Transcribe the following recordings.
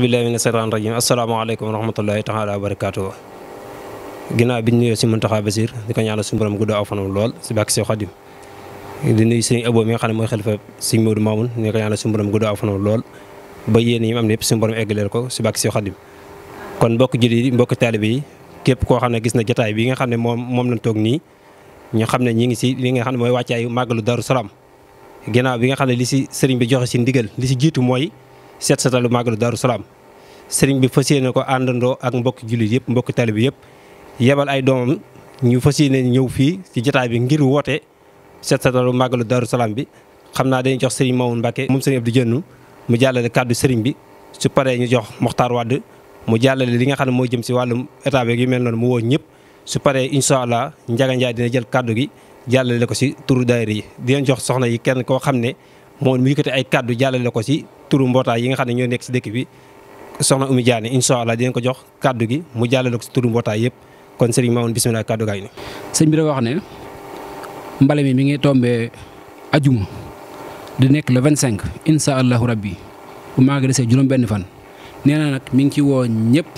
billahi mina seytaan rajim asalaamaaleykum wa rahmatullahi taala wa barakaatu ginnaaw bi ñu nuyoo si Muntaxa Basiir di ko ñaanal suñu borom gudd lool si bàkk si Xadim di nuyu mi xam ne mooy xalifa sëñ Moodu Maamun di ko ñaanal suñu borom gudd aw fanam lool ba yéen yi am ne yëpp suñu borom eggaleel ko si bàkk si Xadim kon mbokk jullit yi mbokk taalibe yi képp koo xam ne gis na jataay bi nga xam ne moom moom lañ toog nii ñu xam ne ñi ngi si li nga xam ne mooy wàccaayu màggalu Daaru Salaam ginnaaw bi nga xam ne li si sëriñ bi joxe si ndigal li si jiitu mooy seet setalu màggalu Daaru Salaam sëriñ bi fas yéene ko àndandoo ak mbokki jullit yëpp mbokki tali bi yëpp yebal ay doomam ñu fas yéene ñëw fii ci jotaay bi ngir woote seet setalu màggalu Daaru Salaam bi xam naa dañuy jox sëriñ Mamoun Mbacke moom sëriñ Abdou Dieng mu jàllale kàddu sëriñ bi su paree ñu jox Mokhtar Wade mu jàllale li nga xam ne mooy jëm si wàllum état bi yu mel noonu mu woo ñëpp su paree incha allah Ndiaga dina jël kàddu gi jàllale ko si turu daayira yi di turu mbootaay yi nga xam ne ñoo nekk si dëkk bi soxna Oumy Diané incha allah dinañ ko jox kàddu gi mu jàllale ko si turu mbootaay yëpp kon sëriñ Mamoune bisimilah kàddu gaay ni sëñ bi da wax ne mbale mi mi ngi tombé ajuma di nekk la vingt cinq incha allahu rabbi bu maa ngi desee juróom-benn fan nee na nag mi ngi ci woo ñëpp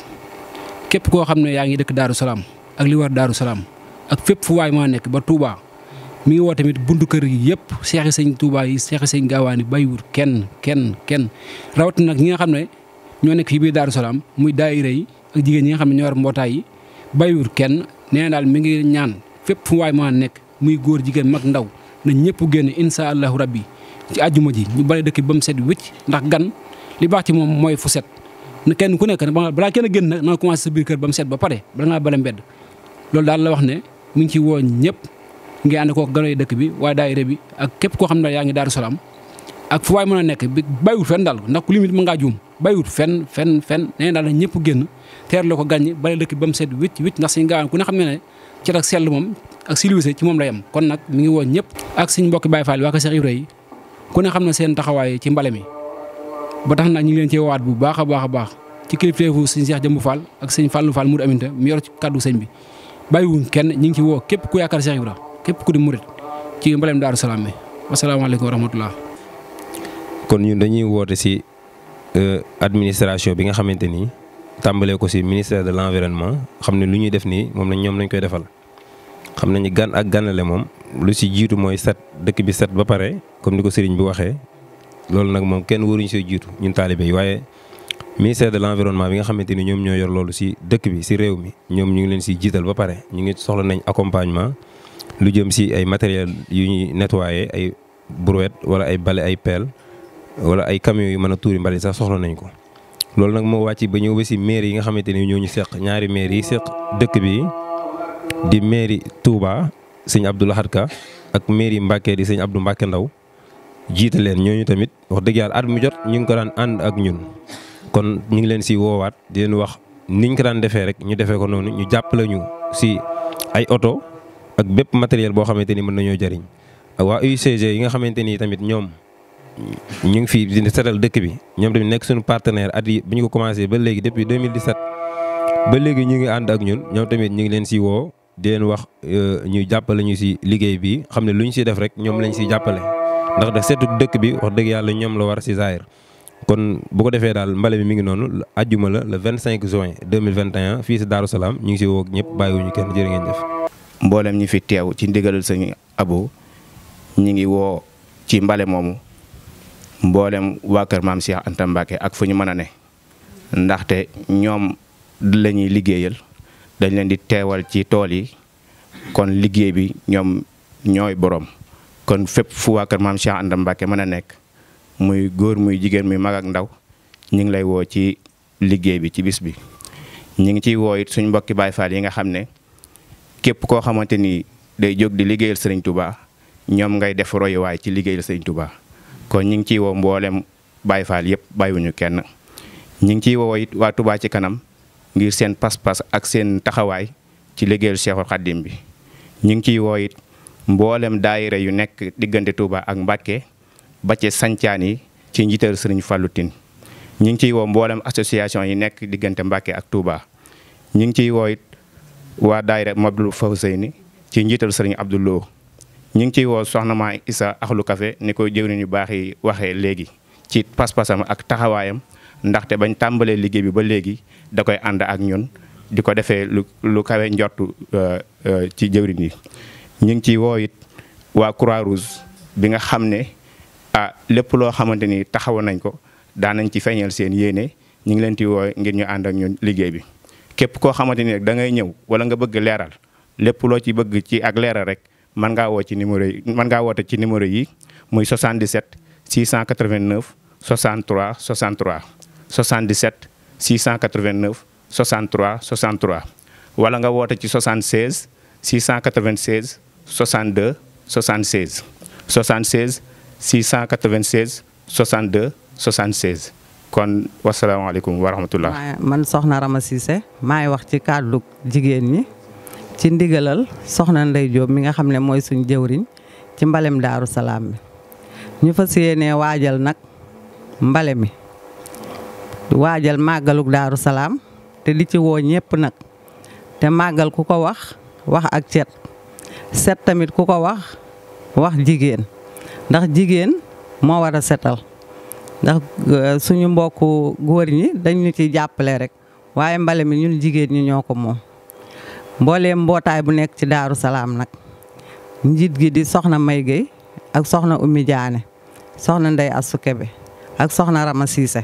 képp koo xam ne yaa ngi dëkk Daaru Salaam ak li war Daaru Salaam ak fépp fu waay maa nekk ba Touba. mi ngi woo tamit buntu kër yi yëpp seexi sëñ Touba yi seexi sëñ Gaawaan yi bàyyiwul kenn kenn kenn rawatina nag nga xam ne ñoo nekk fii biir Daaru Salaam muy daayira yi ak jigéen ñi nga xam ne ñoo war mbootaay yi bàyyiwul kenn nee na mi ngi ñaan fépp fu waay maa nekk muy góor jigéen mag ndaw na ñëpp génn incha allahu rabbi ci àjjuma ji ñu bale dëkk ba mu set wicc ndax gan li baax ci moom mooy fu set na kenn ku nekk balaa kenn génn nag na nga commencé sa biir kër ba mu set ba pare bala ngaa bale mbedd loolu daal la wax ne mu ngi ci woo ñëpp ngi ànd koo ganoy dëkk bi waaye daayira bi ak képp koo xam ne yaa ngi Daaru ak fu waay mën a nekk bi bàyyiwut fenn daal ndax ku limite mën ngaa juum bàyyiwut fenn fenn fenn nee daal na ñëpp génn teer la ko gàññ bale dëkk bi ba mu set wicc wicc ndax sëñ gaawaan ku ne xam ne ne ci ak sell moom ak civilisé ci moom la yem kon nag mi ngi woon ñëpp ak suñ mbokki Baye Fall waa ko Cheikh Ibrahima ku ne xam ne seen taxawaay ci mbale mi ba tax ñu ngi leen cee waat bu baax a baax a baax ci kilifteefu sëñ Cheikh Jëmbu Fall ak sëñ Fallou Fall Mourou Aminta mi yor ci kàddu sëñ bi bàyyiwuñ kenn ñi ngi ci woo képp ku yaakaar Cheikh Ibrahima képp ku di murit ci mbalem Daaru Salaam mi wasalaamaaleykum wa kon ñun dañuy woote si euh, administration bi nga xamante ni tàmbalee ko si ministère de l'environnement xam ne lu ñuy def nii moom lañ ñoom lañ koy defal xam nañu gan ak ganale moom lu si jiitu mooy set dëkk bi set ba pare comme ni ko sëriñ bi waxee loolu nag moom kenn waruñu see jiitu ñun taalibe yi waaye ministère de l'environnement bi nga xamante ni ñoom ñoo yor loolu si dëkk bi si réew mi ñoom ñu ngi leen si jiital ba pare ñu ngi soxla nañ accompagnement lu jëm si ay matériel yu ñuy nettoyer ay brouette wala ay bale ay pelle wala ay camions yu mën a tuuri mbalit sax soxla nañ ko. loolu nag moo wàcc ba ñëw ba si mairie yi nga xamante ni ñoo ñu seq ñaari mairie yi seq dëkk bi di mairie Touba sëñ Abdou Lahad Ka ak mairie Mbacke di sëñ Abdou Mbacke Ndaw jiite leen ñooñu tamit wax dëgg yàlla at mu jot ñu ngi ko daan ànd ak ñun. kon ñu ngi leen si woowaat di leen wax niñ ko daan defee rek ñu defee ko noonu ñu jàppale ñu si ay oto. ak bépp matériel boo xamante ni mën nañoo jariñ waa UCG yi nga xamante ni tamit ñoom ñu ngi fii di setal dëkk bi ñoom tamit nekk suñu partenaire at yi bi ñu ko commencé ba léegi depuis 2017 ba léegi ñu ngi ànd ak ñun ñoom tamit ñu ngi leen si woo di leen wax euh, ñu jàppale ñu si liggéey bi xam ne lu ñu si def rek ñoom lañ si jàppale ndax da dëkk bi wax dëgg yàlla ñoom la war si zaahir kon bu ko defee daal mbale bi mi ngi noonu ajjuma la le 25 juin 2021 fii si Daaru Salaam ñu ngi si woo ñëpp bàyyiwuñu kenn jërë ngeen jëf mboolem ñi fi teew ci ndigalul sëñ Abo ñi ngi woo ci mbale moomu mboolem waa kër maam Cheikh Anta Mbacke ak fu ñu mën a ne ndaxte ñoom la ñuy liggéeyal dañ leen di teewal ci tool yi kon liggéey bi ñoom ñooy borom kon fépp fu waa kër maam Cheikh Anta Mbacke mën a nekk muy góor muy jigéen muy mag ak ndaw ñu ngi lay woo ci liggéey bi ci bis bi ñu ngi ciy woo it suñ mbokki Baay Faal yi nga xam ne. képp koo xamante ni day jóg di liggéeyal sëriñ Touba ñoom ngay def royuwaay ci liggéeyal sëriñ Touba kon ñu ngi ciy woo mboolem Baye Fall yëpp bàyyiwuñu kenn ñu ngi ciy woo it waa tubaa ci kanam ngir seen pas-pas ak seen taxawaay ci liggéeyal Cheikhul Khadim bi ñu ngi ciy woo it mboolem daayira yu nekk diggante tubaa ak Mbacke ba ci sancaan yi ci njiital sëriñ Fallou Tine ñu ngi ciy woo mboolem association yi nekk diggante Mbacke ak Touba waa daayira Mabdul ni ci njiital sëriñ Abdoul Lo ñu ngi ciy woo soxna maa Isa Axlu Kafe ni ko jëwriñ yu baax yi waxee léegi ci pas-pasam ak taxawaayam ndaxte bañ tàmbalee liggéey bi ba léegi da koy ànd ak ñun di ko defee lu lu kawe njortu euh, euh, ci jëwriñ yi ñu ngi ciy woo waa Croix Rouge bi nga xam ne ah lépp loo xamante ni taxaw nañ ko daanañ ci feeñal seen yéene ñu ngi leen di woo ngir ñu ànd ak ñun liggéey bi képp koo xamante ni rek da ngay ñëw wala nga bëgg leeral lépp loo ci bëgg ci ak leeral rek man ngaa woo ci numéro yi mën ngaa woote ci numéro yi muy 77 689 63 63 77 689 wala nga woote ci 76 696 62 76 76 696 62 76 kon wasalaamaaleykum wa rahmatullah man soxna Rama Cissé maay wax ci kàddu jigéen ñi ci ndigalal soxna Ndey mi nga xam ne mooy suñ jëwriñ ci mbalem daaru salaam bi ñu fa yéenee waajal nag mbale mi waajal màggaluk daaru salaam te di ci woo ñëpp nag te màggal ku ko wax wax ak cet set tamit ku ko wax wax jigéen ndax jigéen moo wara a setal ndax euh, suñu mbokku góor ñi dañ ci jàppale rek waaye mbale mi ñun jigéen ñi ñoo ko moom. mbooleem mbootaay bu nekk ci Daaru Salaam nag njiit gi di soxna May Gueye ak soxna Oumy Diané soxna Ndey Assou Kébé ak soxna Rama Cissé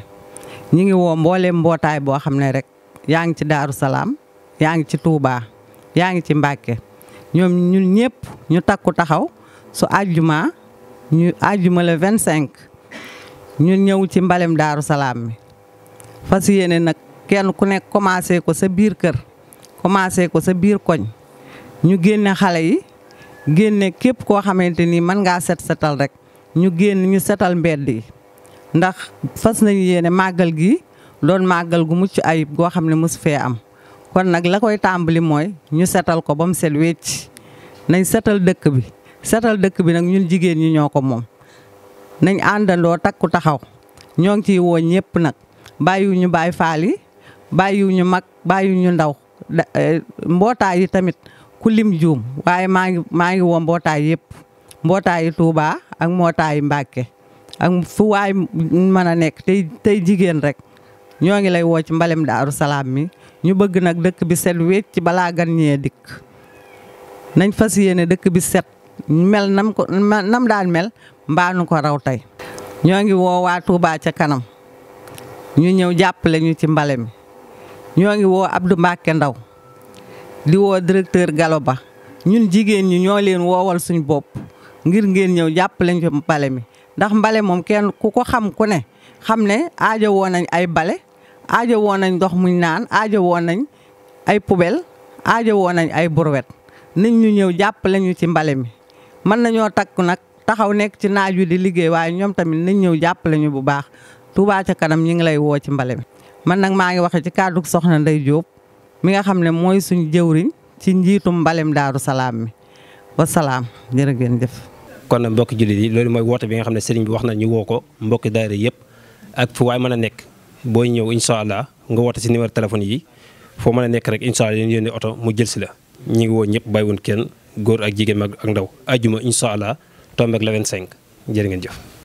ñi ngi woo mbooleem mbootaay boo xam ne rek yaa ngi ci Daaru Salaam yaa ngi ci tuubaa yaa ngi ci Mbàkke ñoom ñun ñëpp ñu takku taxaw su àjjuma ñu àjjuma le cinq ñun ñëw ci mbalem daaru salaam mi fas yéene nag kenn ku nekk commencé ko sa biir kër commencé ko sa biir koñ ñu génne xale yi génne képp koo xamante ni mën ngaa set setal rek ñu génn ñu setal mbedd yi ndax fas nañu yéene màggal gi doon màggal gu mucc ayib goo xam ne mosu fee am kon nag la koy tàmbali mooy ñu setal ko ba mu set wecc nañ setal dëkk bi setal dëkk bi nag ñun jigéen ñi ñoo ko moom nañ àndandoo takku taxaw ñoo ngi ciy woo ñëpp nag bàyyiwuñu Baay Faal yi bàyyiwuñu mag bàyyiwuñu ndaw eh, mbootaay tamit ku lim juum waaye maa ngi woo mbootaay yëpp mbootaayu Tuubaa ak mbootaayu Mbàkke ak fu waay mën a nekk tey tey jigéen rek ñoo ngi lay woo ci mbalem daaru salaam mi ñu bëgg nag dëkk bi set wécc ci balaa gan ñee dikk nañ fas yéene dëkk bi set mel nam nam daan mel mbaa nu ko raw tey ñoo ngi woo waa Touba ca kanam ñu ñëw jàppale ñu ci mbale mi ñoo ngi woo ab Abdou Mbacke Ndaw di woo directeur Galo Ba ñun jigéen ñi ñoo leen woowal suñu bopp ngir ngeen ñëw jàpp ñu ci mbale mi ndax mbale moom kenn ku ko xam ku ne xam ne aajo woo nañ ay bale aajo woon nañ ndox muñ naan aajo woon nañ ay poubelle aajo woon nañ ay brouette nit ñu ñëw jàppale ñu ci mbale mi mën nañoo takk nag taxaw nekk ci naaj wi di liggéey waaye ñoom tamit nañ ñëw jàppale ñu bu baax Touba ca kanam ñi ngi lay woo ci mbale mi man nag maa ngi waxee ci kàddu soxna Ndey Diop mi nga xam ne mooy suñu jëwriñ ci njiitum mbalem daaru salaam mi wa salaam jërë ngeen jëf. kon nag mbokki jullit yi loolu mooy woote bi nga xam ne sëriñ bi wax na ñu woo ko mbokki daayira yëpp ak fu waay mën a nekk booy ñëw incha allah nga woote si numéro téléphone yi foo mën a nekk rek incha allah yéen oto mu jël si la ñu ngi woo ñëpp bàyyiwun kenn góor ak jigéen mag ak ndaw ajjuma incha tombeek le 25 jërë ngeen jëf.